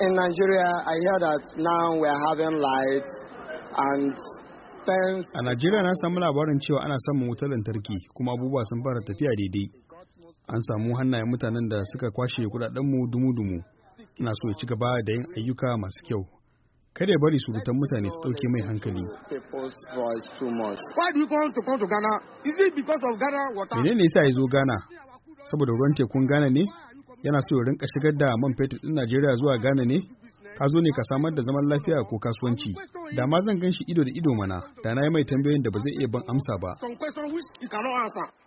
in Nigeria, I hear that now are having light and A Najeriya na samu labarin cewa ana samun wutar lantarki kuma abubuwa sun fara tafiya daidai. An samu hannayen mutanen da suka kwashe kudadenmu dumu-dumu. Ina so ya ci gaba da yin ayyuka masu kyau. Kada ya bari surutan mutane su ɗauke mai hankali. Menene yasa ya zo Ghana? Saboda ruwan tekun Ghana ne? yana so ya rinka shigar da man fetur ɗin Najeriya zuwa Ghana ne? Ka zo ne ka samar da zaman lafiya ko kasuwanci. Da ma zan gan shi ido da ido mana, da na yi mai tambayoyin da ba zai iya ban amsa ba.